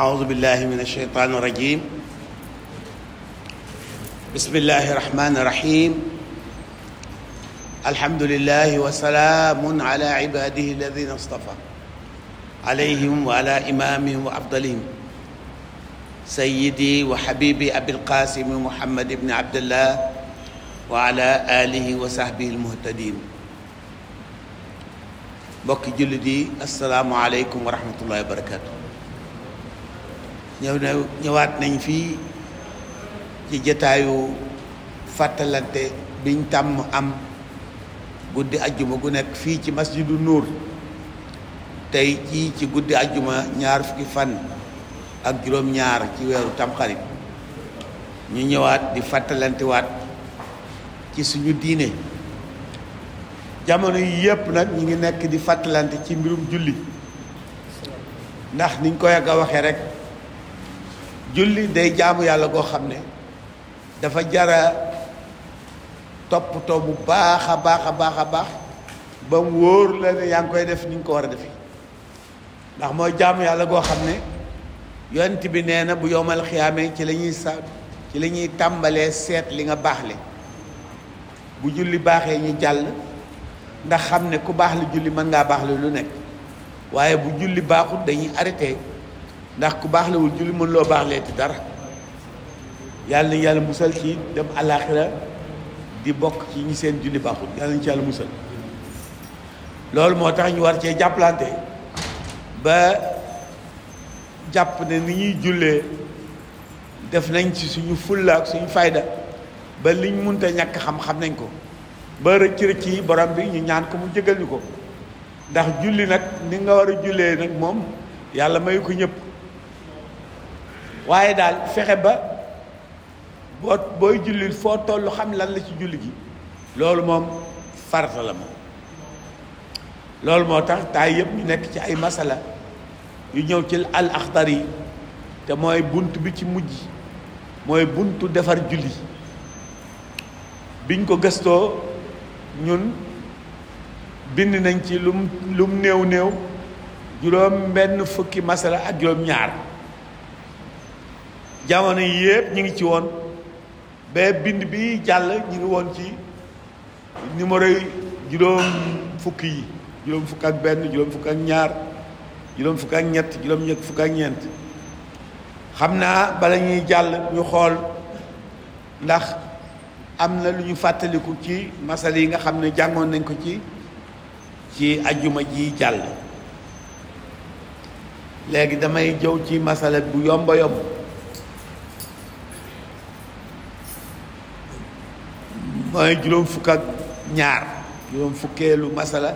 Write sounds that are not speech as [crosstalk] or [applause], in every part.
أعوذ بالله من الشيطان الرجيم بسم الله الرحمن الرحيم الحمد لله وسلام على عباده الذين اصطفى عليهم وعلى إمامهم وأفضلهم سيدي وحبيبي أبي القاسم محمد بن عبد الله وعلى آله وصحبه المهتدين mbokki jullit yi asalaamaaleykum wa rahmatullahi wa barakaatu. ñëw na ñëwaat nañ fii ci jataayu fàttalante biñ tàmm am guddi ajjuma gu nekk fii ci masjidu nuur tey ci ci guddi ajjuma ñaar fukki fan ak juróom-ñaar ci weeru tamxarit ñu ñëwaat di fàttalantewaat ci suñu diine jamono yi yépp nag ñu ngi nekk di fàttalante ci mbirum julli ndax niñ koy ak a waxee julli day jaamu yàlla goo xam ne dafa jara toppatoo bu baax a baax a baax a baax ba mu wóor la ne yaa ngi koy def ni nga ko war a defi ndax mooy jaamu yàlla goo xam ne yonent bi nee na bu yomal xiyaamee ci lañuy sa ci lañuy tàmbalee seet li nga baax baaxle bu julli baaxee ñu jàll ndax xam ne ku baax li julli mën ngaa baax li lu nekk waaye bu julli baaxul dañuy arrêté ndax ku baax lawul julli mën loo baax leeti dara yàlla nañ yàlla musal ci dem àllaaxira di bokk ci ñu seen julli baaxul yàlla nañ ci yàlla musal loolu moo tax ñu war cee jàppalante ba jàpp ne ni ñuy jullee def nañ ci suñu fulla ak suñu fayda ba liñ munta ñàkk xam-xam nañ ko ba rëcc rëcc yi borom bi ñu ñaan ko mu jëgal ñu ko ndax julli nag ni nga war a jullee nag moom yàlla mayu ko ñëpp waaye daal fexe ba boo booy jullil foo toll xam lan la ci julli gi loolu moom farata la moom loolu moo tax taay yëpp ñu nekk ci ay masala yu ñëw ci al axdar yi te mooy bunt bi ci mujj mooy buntu defar julli biñ ko gëstoo ñun bind nañ ci lum lum néew néew juróom benn fukki masala ak juróom ñaar jamono yi yëpp ñu ngi ci woon ba bind bi jàll ñu ngi woon ci numéro yi juróom fukk yi juróom fukk ak benn juróom fukk ak ñaar juróom fukk ak ñett xam naa bala ñuy jàll ñu xool ndax am na lu ñu fàttaliku ci masal yi nga xam ne jàngoon nañ ko ci ci ajjuma ji jàll léegi damay jëw ci masala bu yomba yomb mooy juróom fukk ak ñaar juróom fukkeelu masala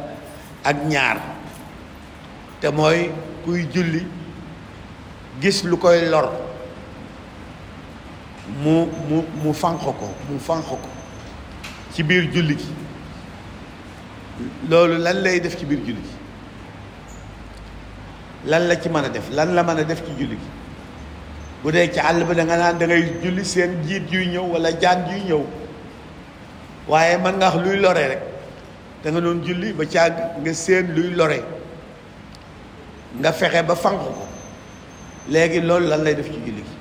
ak ñaar te mooy kuy julli gis lu koy lor mu mu mu fànq ko mu fànq ko ci biir julli gi loolu lan lay def ci biir julli gi lan la ci mën a def lan la mën a def ci julli gi bu dee ci àll bi danga nga naan da julli seen jiit yuy ñëw wala jaan yuy ñëw waaye man nga wax luy lore rek danga nga doon julli ba càgg nga séen luy lore nga fexe ba fanq ko léegi loolu lan lay def ci julli gi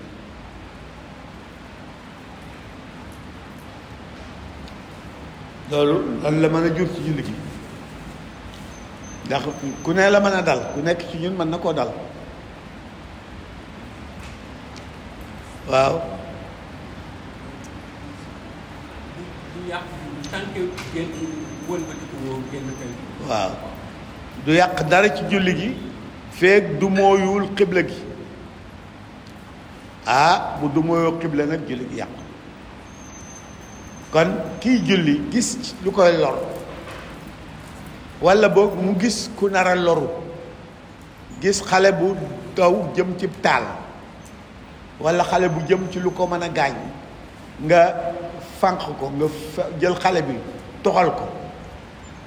loolu la mën a jur ci julli gi ndax ku ne la mën a dal ku nekk ci ñun mën na koo dal waaw tant waaw du yàq dara ci julli gi feeg du mooyul xibla gi ah bu du mooyoo xibla nag julli gi yàqu kon kiy julli gis lu koy lor walla boog mu gis ku nar a loru gis xale bu daw jëm ci taal walla xale bu jëm ci lu ko mën a gaañ nga fànq ko nga jël xale bi toxal ko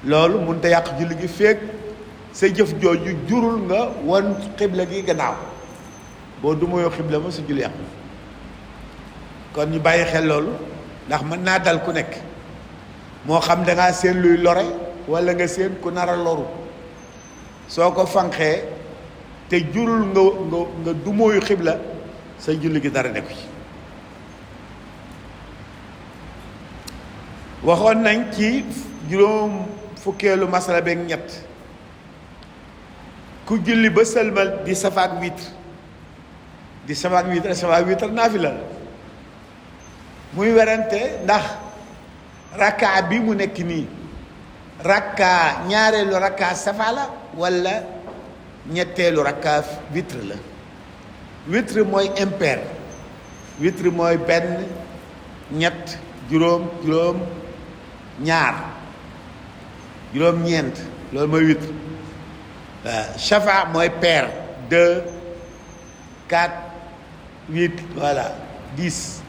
loolu mun te yàq julli gi féeg sa jëf jooju jurul nga wan xibla gi gannaaw boo du xibla ma sa julli yàq kon ñu bàyyi xel loolu ndax mën naa dal ku nekk moo xam danga ngaa luy lore wala nga séen ku nar a loru soo ko fanqee te jurul nga nga nga du xibla sa julli gi dara nekku ci waxoon nañ ci juróom fukkeelu masala beeg ñett ku julli ba sëlmal di safaak witre di safaak witre safaak witre naafila la muy werante ndax rakkaa bi mu nekk nii rakkaa ñaareelu rakkaa safa la walla ñetteelu rakkaa witre la witre mooy impair witre mooy benn ñett juróom juróom ñaar juróom-ñeent loolu mooy witre euh, waaw shafa mooy paire deux quatre huit voilà dix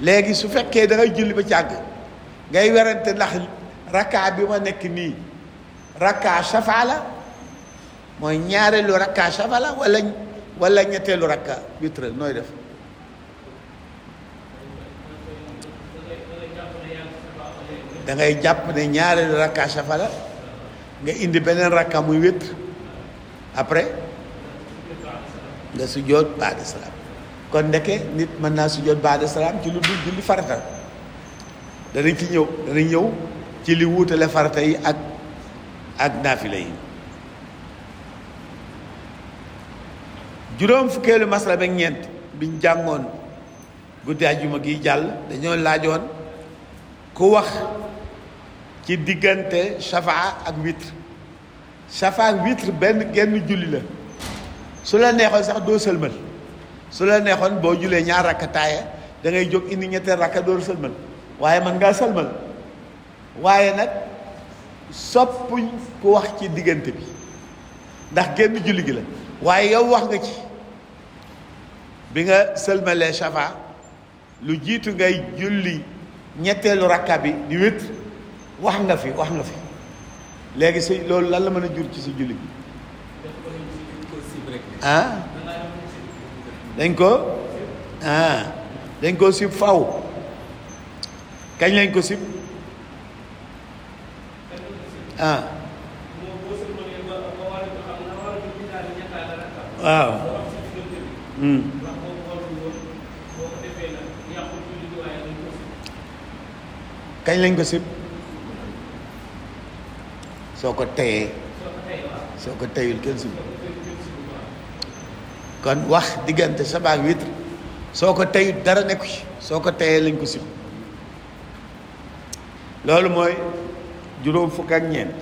léegi su fekkee da ngay julli ba càgg ngay werante ndax rakka bi ma nekk nii rakka shafa la mooy ñaareelu rakka shafa la wala ñetteelu rakka witre nooy def dangay jàpp ne ñaareelu rakka safara nga indi beneen rakka muy wét après nga sujjóot baada kon ndeke nit mën naa sujjóot baada salaam ci lu dul julli farata danañ ci ñëw danañ ñëw ci li wuutale farata yi ak ak naafila yi juróom fukkeelu masala ak ñeent biñ jàngoon guddi àjjuma gi jàll dañoo laajoon ku wax ci diggante shafaa ak witre shafaa ak witre benn genn julli la su la neexoon sax doo sëlmal su la neexoon boo julee ñaar rakka dangay da jóg indi ñettee rakka doo waaye man ngaa sëlmal waaye nag soppuñ wax ci diggante bi ndax genn julli la waaye yow wax nga ci bi nga sëlmalee shafaa lu jiitu ngay julli ñetteelu rakka bi di witre wax nga fi wax nga fi léegi si loolu lan la mën a jur ci si julli bi ah dañ ko ah dañ ko sib faw kañ lañ ko sib soo ko teyee soo ko teyul kenn suba kon wax diggante sabaa ak witr soo ko teyut dara nekku ci soo ko teyee lañ ko sib loolu mooy juróom fukk ak ñeent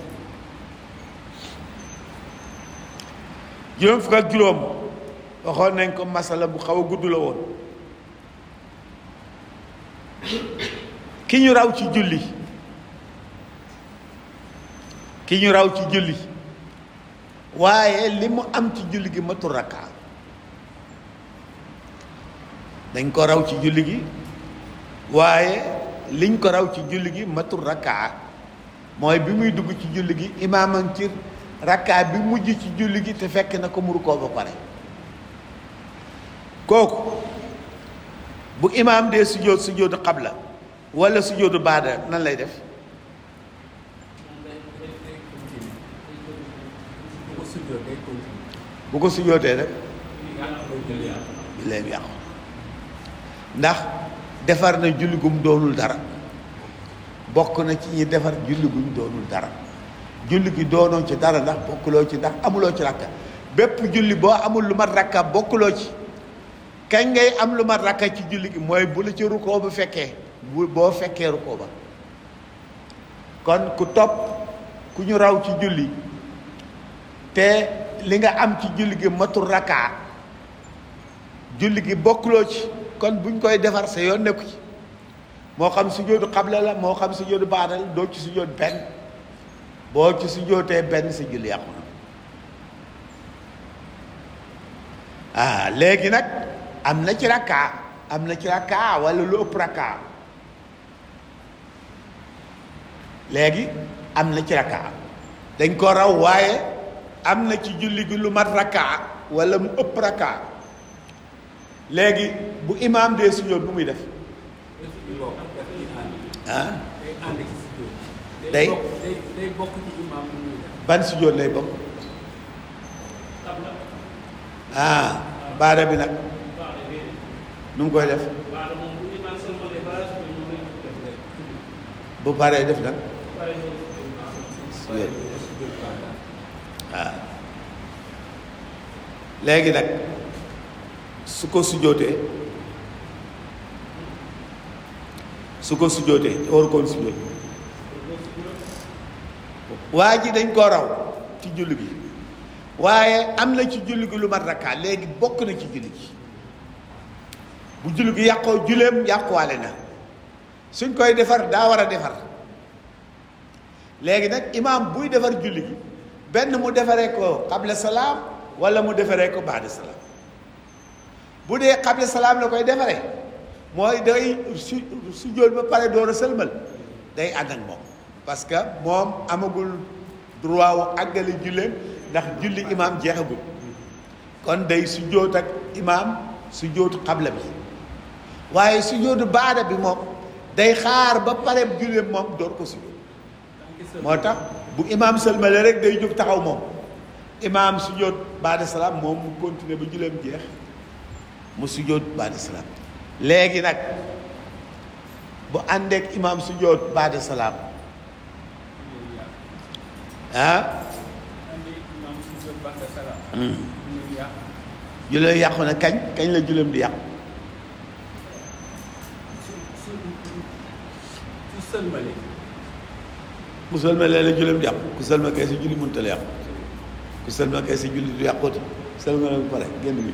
juróom fukk ak juróom waxoon nañ ko masala bu xaw a gudd la woon ki ñu raw ci julli ki ñu raw ci julli waaye li mu am ci julli gi matul rakka dañ ko raw ci julli gi waaye liñ ko raw ci julli gi matul rakka mooy bi muy dugg ci julli gi imaaman ci rakka bi mujj ci julli gi te fekk na ko muru koo ba pare kooku bu imaam dee sujjóot sujjóotu xabla wala sujjóotu baada nan lay def bu ko sujootee nag julleem yàqu ndax defar na julli gum doonul dara bokk na ci ñi defar julli guñ doonul dara julli gi doonoo ci dara ndax bokkuloo ci ndax amuloo ci rakka bépp julli boo amul lu mat rakka bokkuloo ci kañ ngay am lu mat rakka ci julli gi mooy bu la ci rukkoo bu fekkee boo fekkee rukkoo ba kon ku topp ku ñu raw ci julli te li nga am ci julli gi matul rakkaa julli gi bokkuloo ci kon buñ koy defar sa yoon nekku ci moo xam sujjóotu xabla la moo xam sujjóotu baadal doo ci sujjóot benn boo ci sujjóotee benn si julli yàqu na ah, léegi nag am na ci rakkaa am na ci rakkaa walla lu ëpp rakkaa léegi am na ci rakkaa dañ ko raw waaye am na ci julli gi lu mat rakkaa wala mu ëpp rakkaa léegi bu imaam dee sujjóot bu muy def ah day ban sujjóot lay bokk ah baada bi nag nu mu koy def bu paree def nag waaw ah. léegi nag su ko sujjootee su ko sujjootee te waru koon sujjoot waa ji dañ koo raw ci julli gi waaye am na ci julli gi lu mat rakkaa léegi bokk na ci julli gi bu julli gi yàqoo julleem yàquwaale na suñ koy defar daa war a defar léegi nag imaam buy defar julli gi benn mu defaree ko xable salaam wala mu defaree ko baada salaam bu dee xable salaam la koy defaree mooy day su su ba pare door a sëlmal day ànd ak moom parce que moom amagul droit wu àggali ndax julli imaam jeexagul kon day su jóot ak imaam su jóotu xable bi waaye su jóotu baada bi moom day xaar ba pare julleem moom door ko su jóot moo tax bu imaam sëlmale rek day jóg taxaw moom imaam sujjóot baada salaam moom mu continuer ba juleem jeex mu sujjóot baada salaam léegi nag bu àndeek imaam sujjóot baada salaam ah juleem yàqu na kañ kañ la juleem di yàqu sëlmale ku sëlma léeg-léeg julleem yàqu ku sëlma kay si julli mënut a yàqu ku sëlma kay si julli du bu pare génn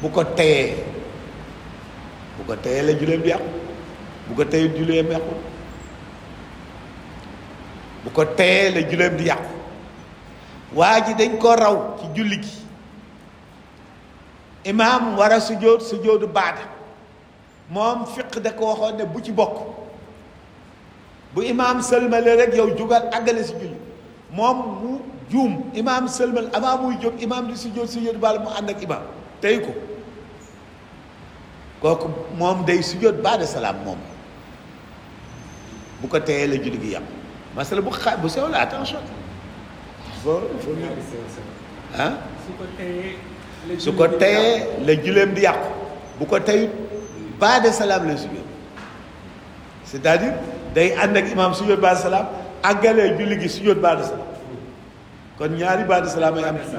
bu ko teyee ko teyee la julleem yàqu ko teyee julleem yàqu bu ko teyee la julleem yàqu waa ji dañ ko raw ci julli gi imaam war a sujjóot sujjóotu baada moom fiq da ko waxoon ne bu ci bokk bu imaam sëlmale rek yow jugal àggale si julli moom mu juum imaam sëlmal avant jóg imaam di si jóg baal mu ànd ak imaam tey ko kooku moom day sujjóot baada salaam moom bu ko teyee la julli gi yam di yàqu bu ko teyut baada salaam la sujjóot c'est-à-dire day ànd ak imaam sujjóot baada salaam àggalee julli gi sujjóot baada kon ñaari baada salaam ay am ci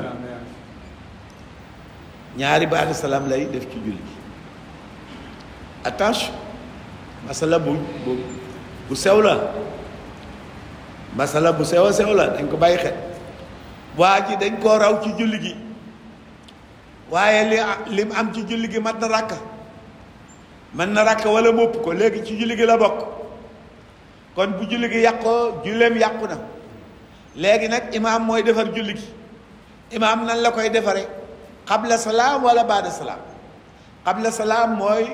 ñaari baada salaam lay def ci julli gi attention masala bu bu sew la masala bu sew a sew la dañ ko bàyyi xet waa ji dañ koo raw ci julli gi waaye li li am ci julli gi mat na ràkk mën na rakk wala mopp ko léegi ci julli gi la bokk kon bu julli gi yàqoo julleem yàqu na léegi nag imaam mooy defar julli gi imaam nan la koy defare xabla salaam wala baada salaam xabla salaam mooy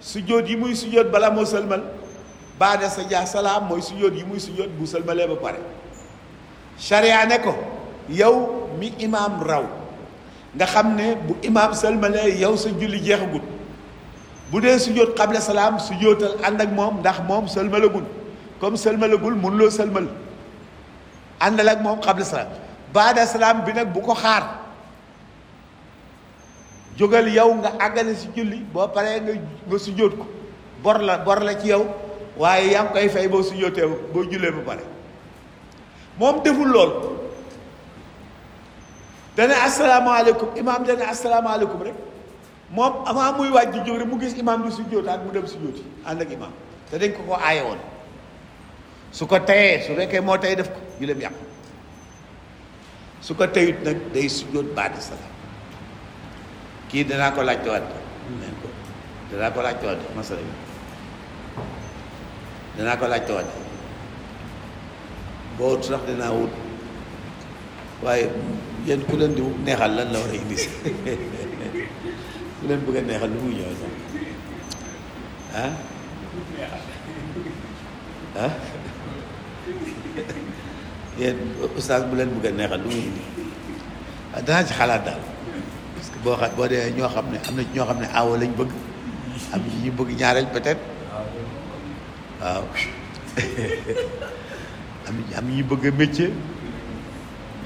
sujjóot yi muy sujjóot bala moo sëlmal baada sa jaa salaam mooy sujjóot yi muy sujjóot bu sëlmalee ba pare sharia ne ko yow mi imaam raw nga xam ne bu imaam sëlmalee yow sa julli jeexagul bu dee sujjóot xabla salaam sujjóotal ànd ak moom ndax moom sëlmalagul comme sëlmalagul mun loo sëlmal àndal ak moom xabla salaam salaam bi nag bu ko xaar jógal yow nga àggale si julli boo paree nga nga sujjóot ko bor la bor la ci yow waaye yaa ngi koy fay boo sujjóotee boo jullee ba pare moom deful lool dana asalaamaaleykum imaam dana asalaamaaleykum rek moom avant muy wàjj jóg rek mu gis imaam di sujjóotaat mu dem sujjóoti ànd ak imaam te dañ ko ko aaye woon su ko teyee su fekkee moo tey def ko julleem yàqu su ko tayut nag day sujjóot baadi salaam kii danaa ko laaj tawaat neen ko danaa ko laaj tawaat masala bi danaa ko laaj tawaat boo sax dinaa wut waaye yéen ku leen di neexal lan la war a indi si [laughs] ku leen bëgg neexal lu muy ñëw sax ah, ah? yéen ustaas bu leen bëgg a neexal lu muy indi ah, danaa ci xalaat daal parce que boo xa boo dee ñoo xam ne am na ci ñoo xam ne awo lañ bëgg am ci ñu bëgg ñaareel peut-être waaw [laughs] am am ñu bëgg a métier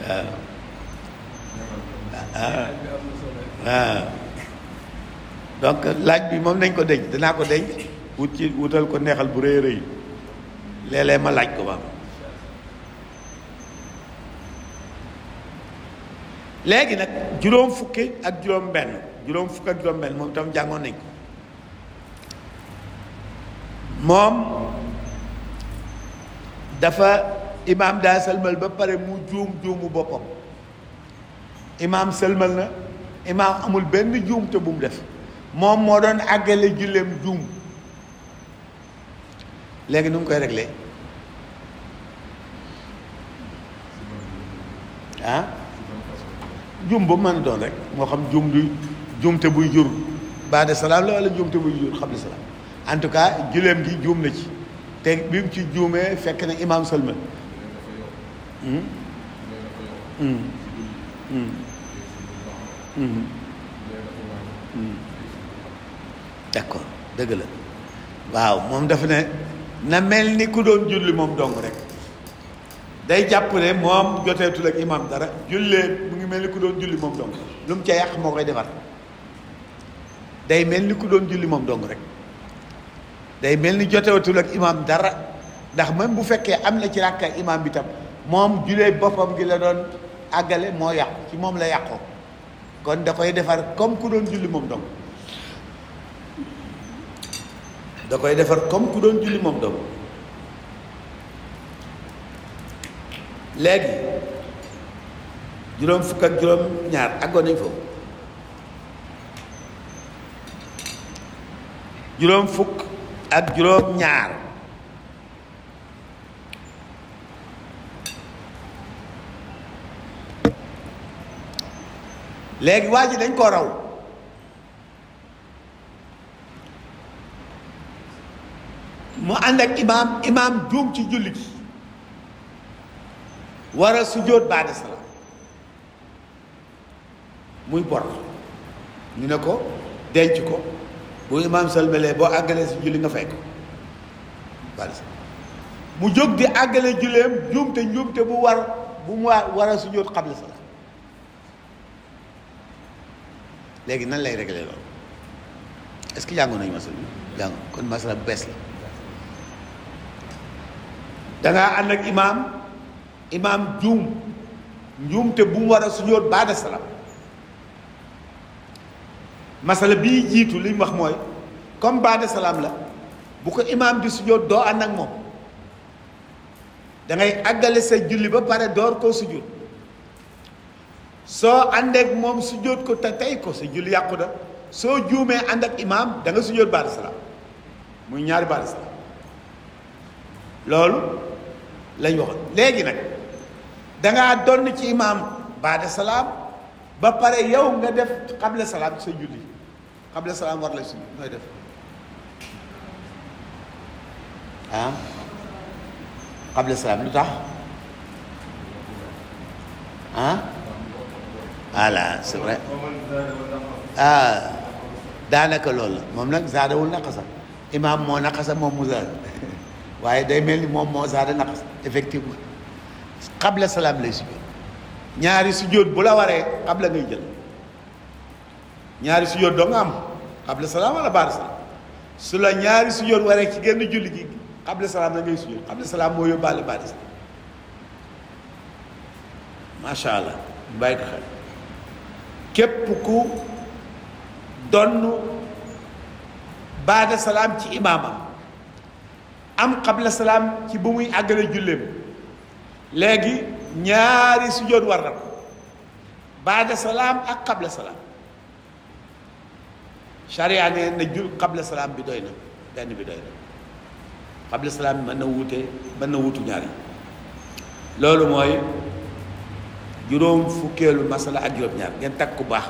waaw ah, ah. waaw donc laaj bi moom nañ ko denc danaa ko denc wut ci wutal ko neexal bu rëy rëy léeg-léeg ma laaj ko ba léegi nag juróom fukki ak juróom benn juróom fukki ak juróom benn moom itam jàngoon nañ ko moom dafa imaam daa sëlmal ba pare mu juum juumu boppam imaam sëlmal na imaam amul benn juum te bu mu def moom moo doon àggale julleem juum léegi nu mu koy réglé ah juum boobu mën a doon rek moo xam juum jumte juumte buy jur baada salaam la wala juumte buy jur xam ne salaam en tout cas juleem gi juum la ci te bi ci juumee fekk na imaam sëlmal hmm? Hmm? Hmm? d'accord dëgg la waaw moom dafa ne na mel ni ku doon julli moom dong rek day jàpp ne moom joteetul ak imam dara jullee mu ngi mel ni ku doon julli moom dong lu mu ca yàq moo koy defar day mel ni ku doon julli moom dong rek day mel ni joteetul ak imam dara ndax même bu fekkee am na ci ràkka imam bi tam moom jullee boppam gi la doon àggale moo yàqu ci moom la yàqoo kon da koy defar comme ku doon julli moom dong da koy defar comme ku doon julli moom dong léegi juróom fukk ak juróom ñaar àggoon nañ foofu juróom fukk ak juróom ñaar léegi waa ji dañ koo raw mu ànd ak imaam imaam juum ci julli gi war a sujjóot baada salaam muy bor ñu ne ko denc ko bu imaam salmelee boo àggalee si julli nga fay ko salaam mu jóg di àggale julleem njuumte njuumte bu war bu mu war a sujjóot xabla salaam léegi nan lay réglé loolu est que jàngoon nañu masala bi jàngoon kon masala bu bees la dangaa ànd ak imaam imaam juum njuum te bu mu war a sujjóot baada salaam bii jiitu li mu wax mooy comme baada salaam la bu ko imaam di sujjóot doo ànd ak moom da àggale sa julli ba pare door koo sujjóot soo àndeek moom sujjóot ko te tey ko sa julli yàqu soo juumee ànd ak imaam da nga sujjóot baada muy ñaari baada loolu lañ waxoon léegi nag dangaa donn ci imaam baada salaam ba pare yow nga def xable salaam sa julli xable salaam war la si nooy def ah xable salaam lu tax ah voilà c'est vrai ah, daanaka loolu moom nag zaadawul naqasa imaam moo naqasa moom mu zaada [laughs] waaye day mel ni moom moo zaada naqasa effectivement xable salaam lay sujjóot ñaari sujjóot bu la waree xabla ngay jël ñaari sujjóot doom am xabla salaam wala baada salaam su la ñaari sujjóot waree ci génn julli gi xabla salaam la ngay sujjóot xabla salaam moo yóbbaale baada salaam macha allah bàyyi ko xel képp ku donn baada salaam ci imaamam am xable salaam ci bu muy àggale julleem léegi ñaari sujjóot war na ko baada salaam ak xable salaam charia ne na jul xable salaam bi doy na benn bi doy na xable salaam mën na wuute mën na wuutu ñaari loolu mooy juróom fukkeelu masala ak juróom ñaar ngeen takk baax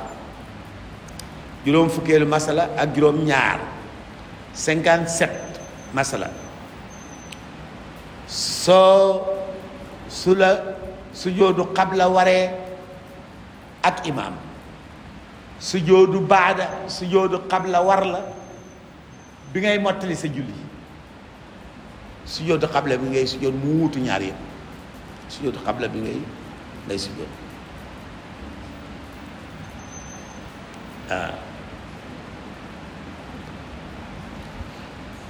juróom fukkeelu masala ak juróom ñaar cinquante sept masala soo su la sujoodu xabla waree ak imaam sujoodu baada sujoodu xabla war la bi ngay mottali sa julli sujoodu xabla bi ngay sujood mu wutu ñaar yëpp sujoodu xabla bi ngay ngay sujood waaw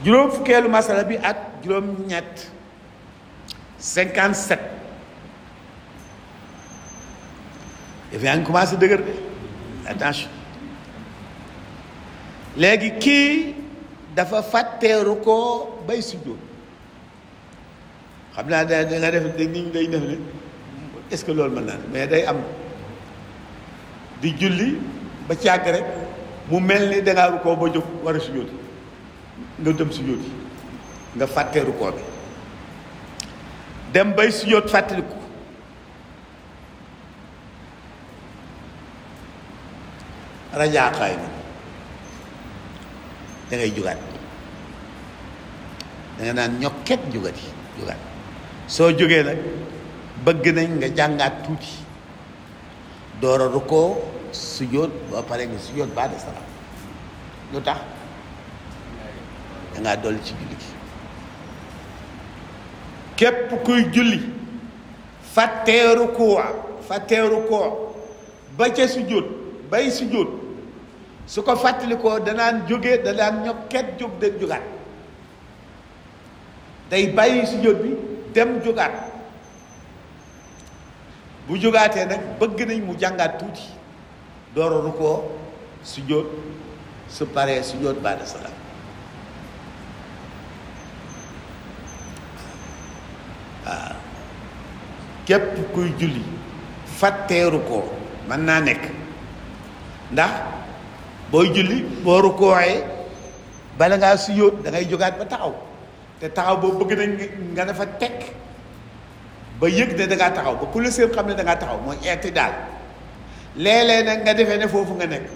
juróom fukkeelu masala bi ak juróom ñett 57 daf yaa ngi commencé dëgër de attention léegi kii dafa fàtteeru ko bay sujjóot xam naa da nga def ni ñu day def ne est-ce loolu mën naa mais day am di julli ba càgg rek mu mel ni dangaa rukkoo ba jóg war a sujjóoti nga dem sujjóoti nga fàtteeru ko bi dem bay sujjóot fàttaliku rajaaxaay na da ngay jugaat naan ñokket jugat yi soo jógee nag bëgg nañ nga jàngaat tuuti door a rukkoo sujjóot ba pare nga sujjóot ba de salaam lu tax dangaa ngaa ci julli gi képp kuy julli fàttee rukuwa fàttee rukuwa ba ca sujjóot bay sujjóot su ko fàttalikoo danaan jóge danaan ñokket jóg dem jógaat day bàyyi sujjóot bi dem jógaat bu jógaatee nag bëgg nañ mu jàngaat tuuti door a rukkoo sujjóot su paree sujjóot ba'da salaam waaw képp kuy julli fàtteeru ko mën naa nekk ndax booy julli boo rukkooyee bala ngaa sujjóot da ngay jógaat ba taxaw te taxaw boobu bëgg nañ nga dafa teg ba yëg ne da taxaw ba ku la seen xam ne da ngaa taxaw mooy eeti daal léeg-léeg nga defee ne foofu nga nekk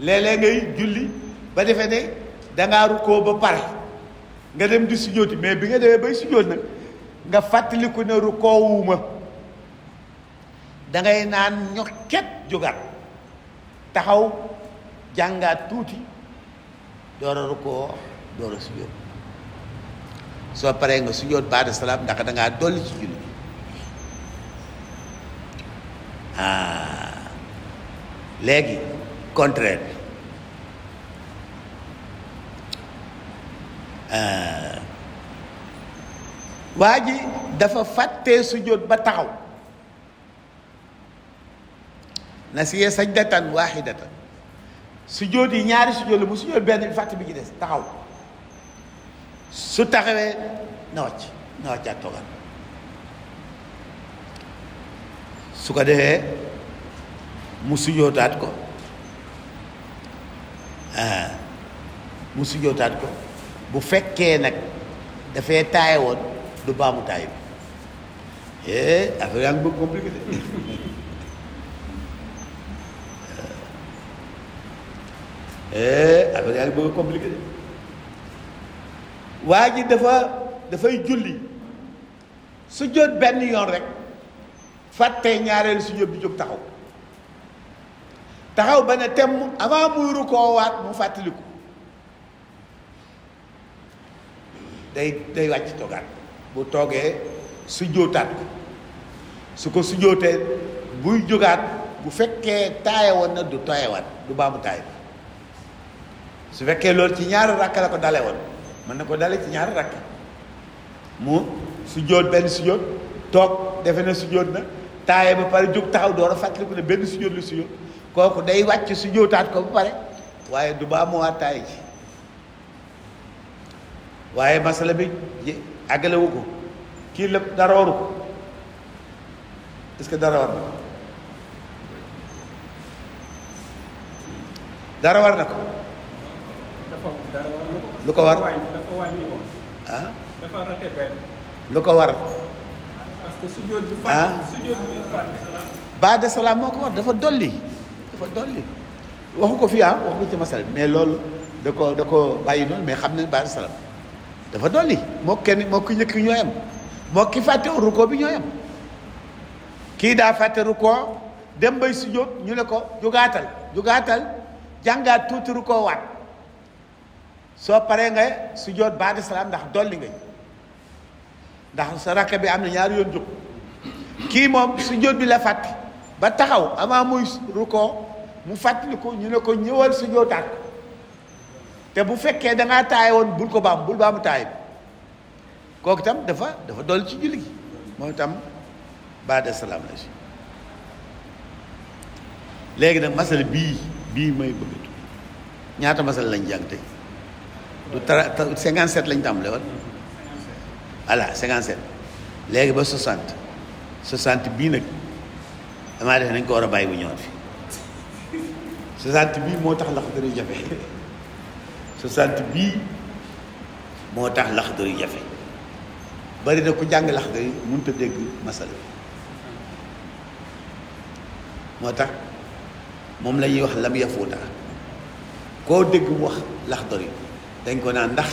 léeg ngay julli ba defe ne da ngaa rukkoo ba pare nga dem di sujjóoti mais bi nga demee bay sujjóot nag nga fàttaliku ne rukoowuma da ngay naan ñokket jógaat taxaw jàngaat tuuti door a rukoo door a sujjóot soo paree nga sujjóot baada salaam ndax da ngaa dolli ci julli bi ah. léegi contraire bi. Ah. waa ji dafa fàttee sujjóot ba taxaw na nasiya sajdatan waahidatan sujjóot yi ñaari sujjóot la mu sujjóot benn bi fàtte bi ci des taxaw su taxawee na wàcc na wàccaat toogal su ko defee mu sujjóotaat ko ah, mu sujjóotaat ko bu fekkee nag dafay taaye woon du baamu taay bi eh, affaire yaa ngi bëgg compliqué de [laughs] eh, yaa ngi bëgg compliqué de waa ji dafa dafay julli su jot benn yoon rek fàttee ñaareel su jot jóg taxaw taxaw ba ne temm avant muy rukkoowaat mu fàttaliku day day wàcc toogaat bu toogee su jootaat ko su ko su jootee buy jógaat bu fekkee taaye woon na du taayewaat du baamu taay bi su fekkee loolu ci ñaari rakk la ko dale woon mën na ko dale ci ñaari rakk mu su joot benn su toog defe na su joot na taaye ba pare jóg taxaw door a fàttaliku ne benn su joot lu su kooku day wàcc su jootaat ko ba pare waaye du baa baamuwaat taay ji waaye masala àggalewu ko kii lépp dara waru ko est que dara war na ko dara ko lu ko war ah? lu ko war ah salaam moo ko war dafa dolli dafa dolli waxu ko fii ah waxu ko ci masal mais loolu da ko da ko bàyyi noonu mais xam ne baada salaam dafa dolli moo kenn moo ki njëkk ñooy am moo ki fàtte rukkoo bi ñooy am kii daa fàtte rukkoo dem bay sujjóot ñu ne ko jugaatal jugaatal jàngaat tuuti rukkoo waat soo paree nga sujjóot baa di ndax dolli nga ndax sa rakk bi am na ñaari yoon jóg kii moom sujjóot bi la fàtt ba taxaw avant muy rukkoo mu fàttali ko ñu ne ko ñëwal sujjóotaat te bu fekkee da ngaa taaye woon bul ko baam bul baamu taay bi kooku itam dafa dafa dolli ci julli gi moom itam baada la léegi nag masal bii bii may bëgg a ñaata masal lañ jàng tey du lañ tàmbale woon voilà 57 léegi ba 60 60 bii nag damaa nañ ko war a bàyyi bu ñëwaat fi 60 bii moo tax lax dana jafe 60 bii moo tax laxdar yu jafe bari na ku jàng laxdar yi mënut a dégg masala moo tax moom la ñuy wax lam yafuuta koo dégg mu wax ndax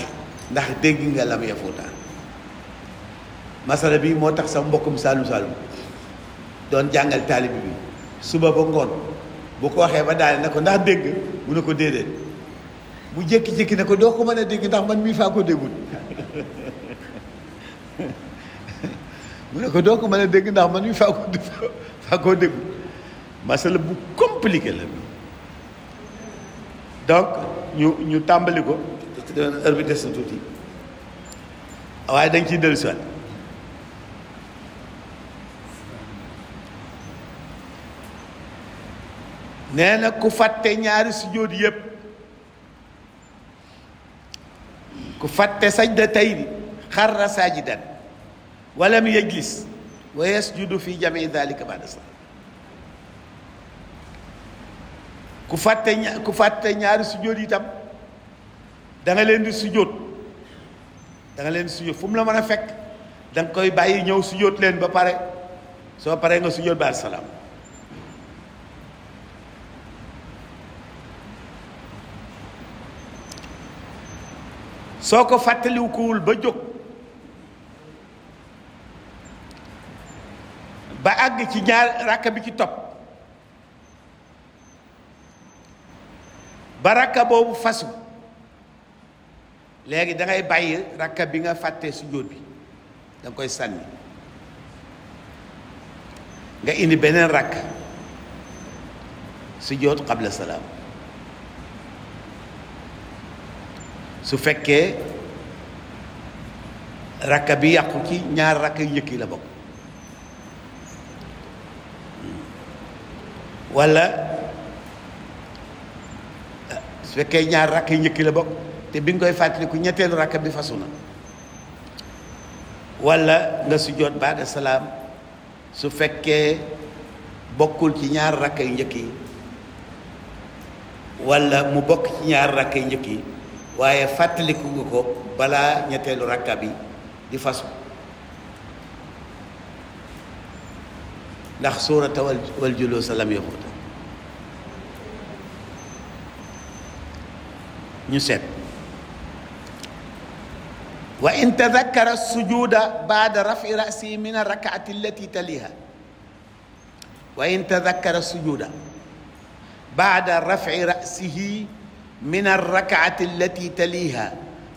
ndax dégg nga lam yafuuta bi moo tax sa mbokkum saalum saalum doon jàngal taalibi bi suba ba ngoon bu ko waxee ba daale na ko ndax dégg mu ne ko déedéet mu jékki-jékki ne ko doo ko mën a dégg ndax man muy faa ko déggul [laughs] ko doo ko mën a dégg ndax man mii faa ko [laughs] masala bu compliqué la donc ñu ñu tàmbali ko heure bi des tuuti waaye da ci ciy dellu si waat nee na ku fàtte ñaari sujjóot yépp ku fàtte sajdatayni xarra walla walam yajlis wa yasjudu fi jamii dalika baada salaam ku fàtte ña ku fàtte ñaari sujjóot itam da nga leen di sujjóot da leen di sujjóot fu mu la mën a fekk danga koy bàyyi ñëw sujjóot leen ba pare soo paree nga sujjóot ba salaam soo ko fàttalikuwul ba jóg ba àgg ci ñaar rakka bi ci topp ba rakka boobu fasu léegi dangay bàyyi rakka bi nga fàtte sujjóot bi da koy sànni nga indi beneen rakk sujjóot qabla salaam su fekkee rakka bi yàqu ci ñaar rakk yu njëkk la bokk wala su fekkee ñaar rakk yu njëkk la bokk te bi nga koy fàttaliku ñetteelu rakka bi fasu na wala nga sujjoot baada salaam su fekkee bokkul ci ñaar rakk yu njëkk yi wala mu bokk ci ñaar rakk yu njëkk yi waaye fàttaliku nga ko balaa ñetteelu rakka bi di fasu ndax suurata wal juloo sa lam yaxuuta ñu seet wa in tadakkara sujuuda baada rafi rasi min arrakaati allati taliha wa in tadakkara sujuuda baada rafi rasihi min alrakaati allati taliha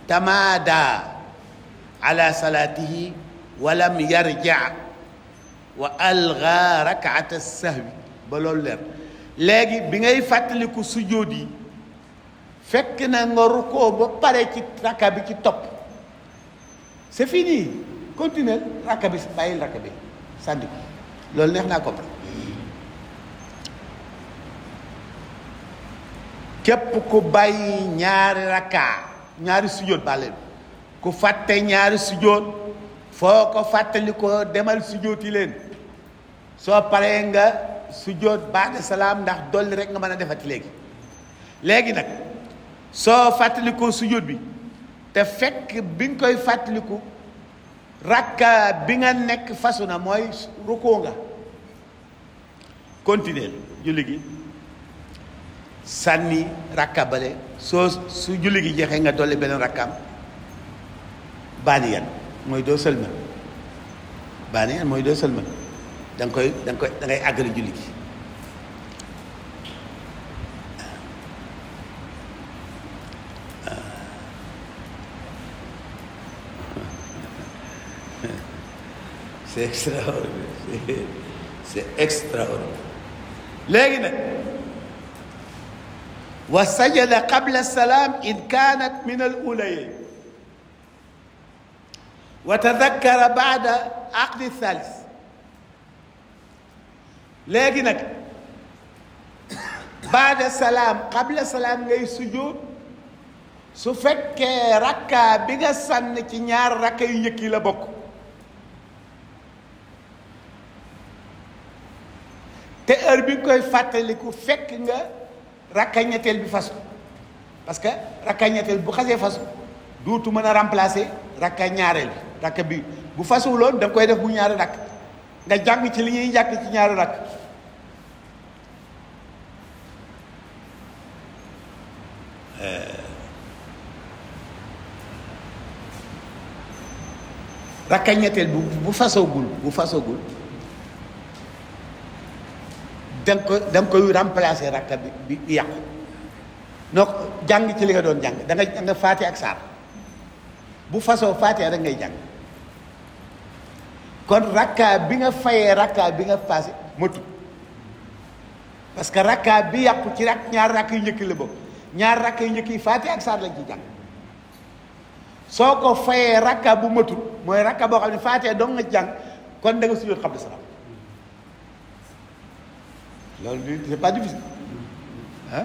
tamaada ala salaatihi wa lam yarja wa alga rakaata sahwi ba loolu leer léegi bi ngay fàttaliku sujjóot yi fekk na nga rukkoo ba pare ci rakka bi ci topp c'est fini continuer rakka bi bàyyil rakka bi sànni ko loolu neex naa comprendre képp ku bàyyi ñaari rakka ñaari sujjóot bàlle bi ku fàtte ñaari sujjóot foo ko fàttali demal demal sujjóoti leen soo paree nga sujjóot baada salaam ndax dolli rek nga mën a defati léegi léegi nag soo fàttalikoo sujjóot bi te fekk bi nga koy fàttaliku rakka bi nga nekk fasu na mooy rukkoo nga continuer julli gi sànni rakka bale soo su julli gi jeexee nga dolli beneen rakkaam baaniyan mooy doo mooy doo sëlmal da koy da koy da ngay àggale julli gi c'est extraordinaire c'est extraordinaire léegi nag wa sajada qabla salaam in kaanat min al ulayayn wa tadakkara baada aqdi thalis léegi nag baada salaam qabla salaam ngay sujjóot su fekkee rakka bi nga sànn ci ñaar rakka yu yi la bokk te heure bi nga koy fàttaliku fekk nga rakka ñetteel bi fasu parce que rakka ñetteel bu xasee fasu duutu mën a remplacer rakka ñaareel bi bi bu fasu lool danga koy def bu ñaari rakk nga jàng ci li ñuy jàkk ci ñaari rakk eh. rakka ñetteel bu bu fasagul bu fasagul da ko da nga koy remplacer rakka bi bi yàqu donc jàng ci li nga doon jàng da nga da faate ak saar bu façon faatee rek ngay jàng kon rakka bi nga fayee rakka bi nga passé matul parce que rakka bi yàqu ci rak ñaar rakk yu njëkk la bokk ñaar rakk yu njëkki yi faate ak saar lañ ci jàng soo ko fayee rakka bu matul mooy rakka boo xam ne faatee dong nga jàng kon da nga sujjóot xam ne salaam loolu c'est pas difficile ah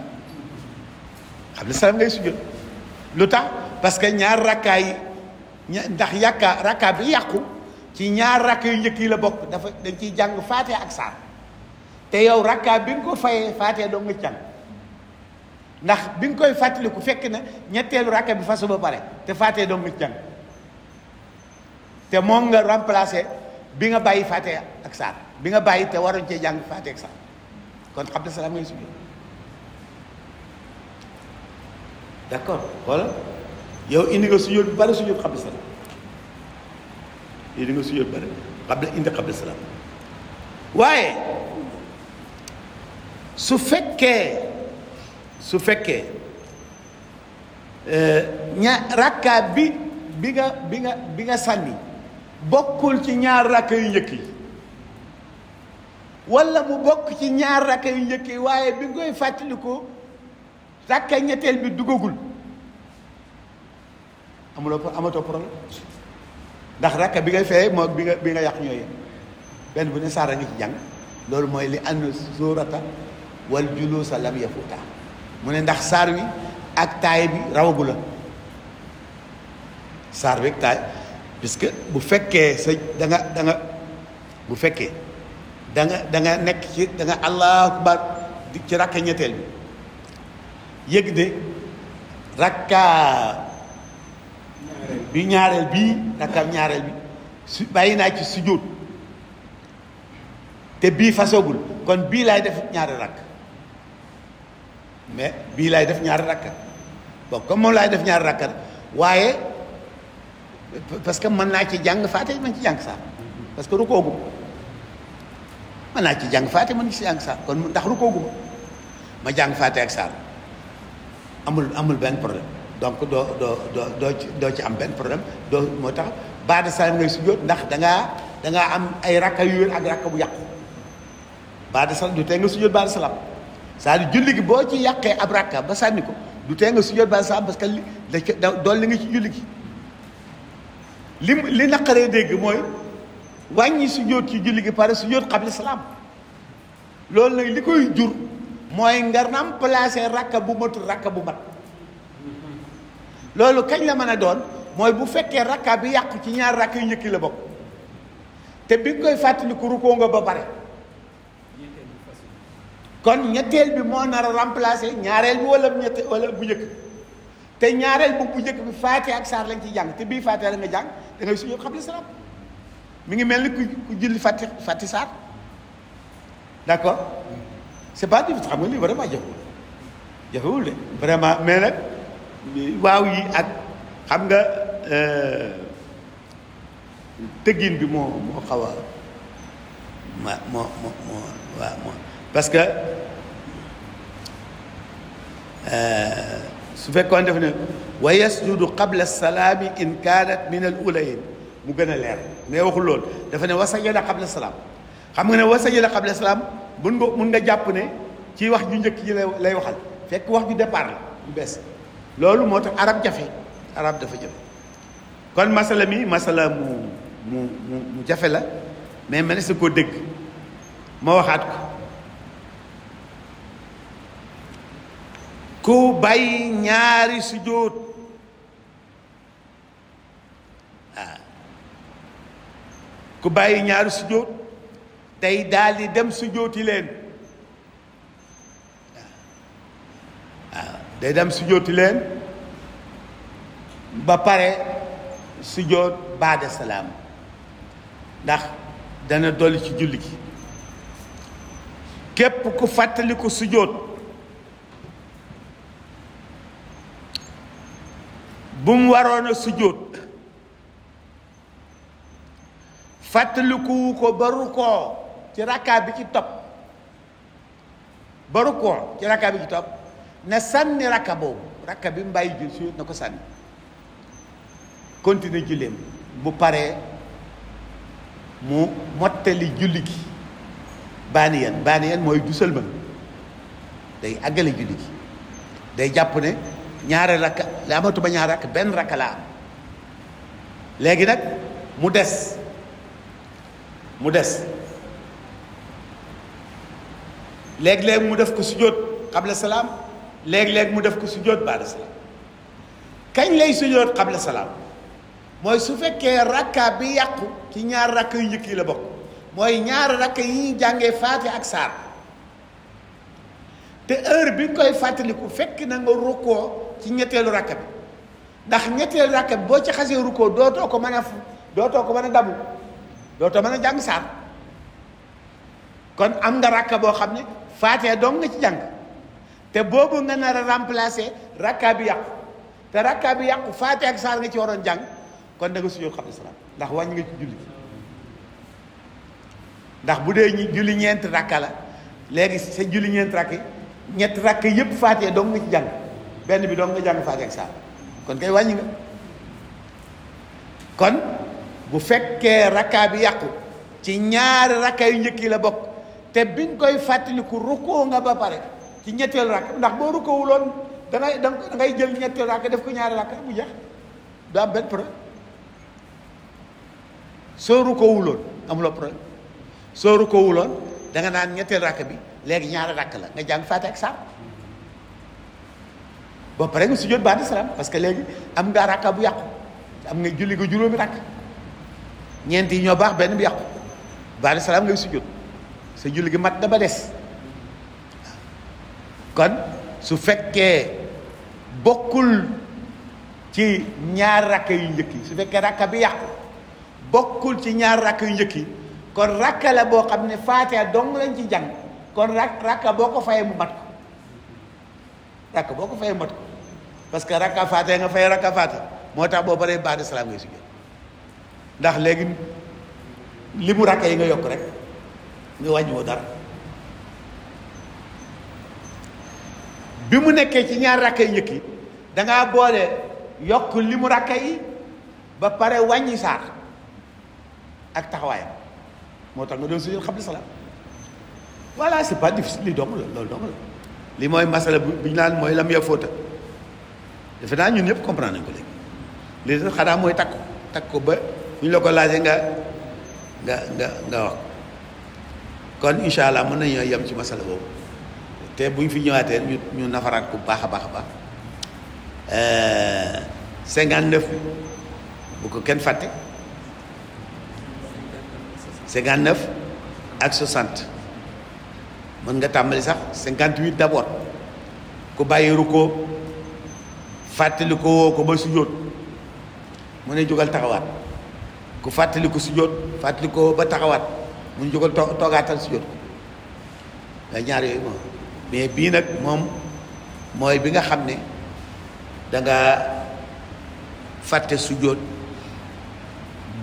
xam ne salaam ngay sujjóot lu tax parce que ñaar rakkaa yi ndax yàkkaa rakkaa bi yàqu ci ñaar rakka yu njëkk yi la bokk dafa dañ ciy jàng faate ak saar te yow rakka bi nga ko fayee faatee doo nga jàng ndax bi nga koy fàttaliku fekk na ñetteelu rakka bi fasu ba pare te faatee doo nga jàng te moom nga remplacer bi nga bàyyi faate ak saar bi nga bàyyi te waroon cee jàng faatee ak saar kon Abdou Salam mooy suñu d' accord yow indi nga sujjóot bu bëri sujjóot xabla salaam indi nga sujjóot bu bëri salaam waaye su fekkee su fekkee eh, ña rakka bi bi nga bi nga bi bokkul ci ñaar rakka yu njëkk wala mu bokk ci ñaar rakka yu njëkkee waaye bi nga koy fàttaliku rakka ñetteel bi dugagul amuloo amatoo problème ndax rakka bi nga feye moo bi nga bi nga yàq ñooy benn bu ne saara nga ci jàng loolu mooy li ànd suurata wal sa lam yafuta mu ne ndax saar wi ak taay bi rawagula la saar bi ak taay puisque bu fekkee sa da nga bu fekkee danga danga nekk ci danga nga allahu akbar ci rakka ñetteel bi yëg de rakka bi ñaareel bii rakka ñaareel bi su bàyyi naa ci sujjóot te bii fasogul kon bii laay def ñaari rakk mais bii laay def ñaari rakka bon comme moom laay def ñaari rakka waaye parce que mën naa ci jàng faate mën ci jàng sax parce que rukkoogu mën naa ci jàng faate mën ci jàng saar kon ndax rukkoogu ma ma jàng faate ak saar amul amul benn problème donc doo doo doo doo ci doo ci am benn problème doo moo tax baada salaam ngay sujjóot ndax dangaa dangaa am ay rakka yu wér ak rakka bu yàqu baada salaam du tee nga sujjóot baada salaam cest à julli gi boo ci yàqee ab rakka ba sànni ko du tee nga sujjóot baada salaam parce que da dool li nga ci julli gi li li naqaree dégg mooy wàññi sujjóot ci julli gi pare sujjóot xabli salaam loolu nag li koy jur mooy nga remplacer rakka bu matul rakka bu mat loolu kañ la mën a doon mooy bu fekkee rakka bi yàqu ci ñaar rakk yu njëkk la bokk te bi nga koy fàttaliku rukkoo nga ba pare kon ñetteel bi moo nar a remplacer ñaareel bi wala ñette wala bu njëkk te ñaareel bu bu njëkk bi faatee ak saar lañ ci jàng te bii faate la nga jàng da ngay sujjóot xabli salaam mi ngi mel ni ku ku julli fàtti fàtti saar d'accord c'est pas difficile xam nga lii vraiment jafewul jafewul de vraiment mais nag waaw yi ak xam nga euh, tëggin bi moo moo xaw a ma moo moo parce que euh, su fekkoon def ne wa yasjudu qabla salaami in kaanat min al ulayin mu gën a leer mais waxul loolu dafa ne wa a qabla salaam xam nga ne wa sajada qabla salaam mun nga mun nga jàpp ne ci wax ju njëkk ji lay waxal fekk wax ju départ la bu bees loolu moo tax arab jafe arab dafa jafe kon masala mi masala mu mu mu jafe la mais ma ne sa koo dégg ma waxaat ko ku bàyyi ñaari sujjóot ku bàyyi ñaari sujjóot day daal di dem sujjóoti leen waaw day dem sujjóoti leen ba pare sujjóot baada salaam ndax dana dolli ci julli gi képp ku fàttali ko sujjóot bu mu waroon a sujjóot fàttalikuwu ko ba rukkoo ci rakkaa bi ci topp ba rukkoo ci rakkaa bi ci topp na sànni rakka boobu rakka bi mu bàyyi jul si na ko sànni continuer julleem bu paree mu mottali julli gi baaniyan baaniyan mooy du sëlmal day àggale julli gi day jàpp ne ñaari rakka la amatuma ñaari rakk benn rakka laa am léegi nag mu des mu des léeg-léeg mu def ko sujjóot xabla salaam léeg-léeg mu def ko sujjóot baada salaam kañ lay sujjóot xabla salaam mooy su fekkee rakka bi yàqu ci ñaar rakk yu njëkk yi la bokk mooy ñaar rakk yi ñuy jàngee faati ak saar te heure bi nga koy fàttaliku fekk na nga rukkoo ci ñetteelu rakk bi ndax ñetteelu rakk bi boo ci xasee rukkoo dootoo ko mën a dootoo ko mën a dabu dootoo mën a jàng saar kon am nga rakka boo xam ne faatee dong nga ci jàng te boobu nga nar a remplacer rakka bi yàqu te rakka bi yàqu faatee ak saar nga ci waroon jàng kon da nga sujjóot xam ndax wàññi nga ci julli ndax bu dee ñu julli ñeenti rakka la léegi se julli ñeenti rakk yi ñetti rakk yëpp faatee dong nga ci jàng benn bi dong nga jàng faatee ak saar kon kay wàññi nga kon bu fekkee rakkaa bi yàqu ci ñaari rakkaa yu njëkk la bokk te biñ koy fàttaliku rukkoo nga ba pare ci ñetteel rakk ndax boo rukkoowuloon dangay da ngay jël ñetteel rakk def ko ñaari rakk bu jeex du am benn problème soo naan ñetteel rakk bi léegi ñaari rakk la nga jàng fàtte ak saam ba pare nga sujjóot baada salaam parce que léegi am nga rakka bu yàqu am nga julli nga juróomi rakk ñeent yi ñoo baax benn bi yàqu baada salaam ngay sujjóot sa julli gi mat na ba des kon su fekkee bokkul ci ñaar rakk yu njëkk yi su fekkee rakka bi yàqu bokkul ci ñaar rakk yu njëkk yi kon rakka la boo xam ne faatiha dong lañ ci jàng kon rak rakka boo ko fayee mu mat ko rakka boo ko fayee mu mat ko parce que rakka faatiha nga fay rakka moo tax boo baree baada salaam ngay sujjóot ndax léegi li mu rakk yi nga yokk rek ñu wàññiwoo dara bi mu nekkee ci ñaar rakk yi njëkk yi dangaa boole yokk li mu rakk yi ba pare wàññi saar ak taxawaayam moo tax nga doon sujjóot xabli salaam voilà c'est pas difficile li dong la loolu dong la li mooy masala bi ñu naan mooy lam ya fóota defe naa ñun ñëpp comprendre nañ ko léegi li xanaa mooy takk ko takk ko ba bu ñu la ko laajee nga nga nga nga wax kon incha allah mën nañoo yem ci masala boobu te bu ñu fi ñëwaatee ñu ñu nafaraat bu baax a baax a baax 59 euh, bu ko kenn fàtte 59 ak 60 mën nga tàmbali sax 58 d'abord ku bàyyi rukkoo fàttali ko woo ko ba sujjóot mu ne jógal taxawaat. ku fàttaliku ko sujjóot fàttali ba taxawaat mun jógal toogaatal sujjóot ko ñaar yooyu moom mais bii nag moom mooy bi nga xam ne da nga fàtte sujjóot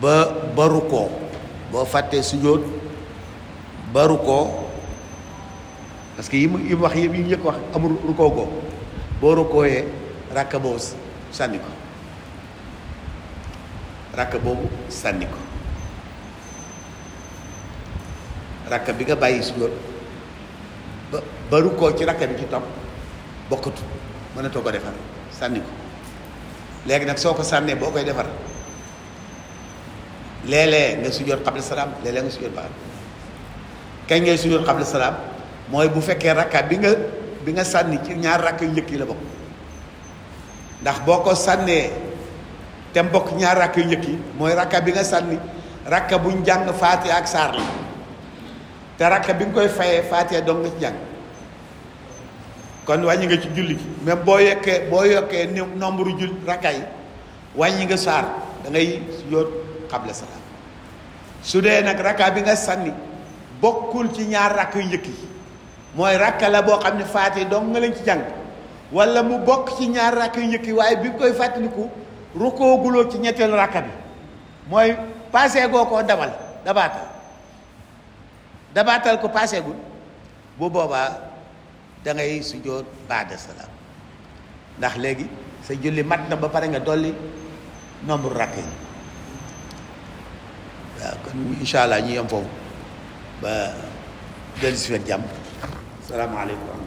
ba ba rukkoo boo fàttee sujjóot ba rukkoo parce que yi mu wax yëpp yi mu njëkk wax amul rukkoo goo boo rukkooyee rakka boo sànni ko rakk boobu sànni ko rakk bi nga bàyyi suba ba ba rukkoo ci rakk bi ci topp bokkatu mënatoo ko defar sànni ko léegi nag soo ko sànnee boo koy defar léeg nga sujjoot xabla salaam léeg-léeg nga sujjoot baax kañ ngay sujjoot xabla salaam mooy bu fekkee rakka bi nga bi nga sànni ci ñaar rakk yu njëkk yi la bokk ndax boo ko sànnee te mbokk ñaar rakk yu njëkk yi mooy rakka bi nga sànni rakka buñ jàng faatiha ak saar la te rakka bi nga koy fayee faatiha dong nga jàng kon wàññi nga ci julli mais boo yokkee boo yokkee nombre jul rakka yi wàññi nga saar da ngay yóot xable salaam su nag rakka bi nga sànni bokkul ci ñaar rakk yu njëkk yi mooy rakka la boo xam ne faatiha dong nga leen ci jàng wala mu bokk ci ñaar rakk yu njëkk yi waaye bi nga koy fàttaliku rukkoo guloo ci ñetteelu rakka bi mooy passé goo koo dabal dabaatal dabaatal ko passé gul bu boobaa dangay ngay sujjóot baada ndax léegi sa julli mat na ba pare nga dolli nombre rakk yi waaw kon incha allah ñu yem foofu ba dellu si jàmm salaamaaleykum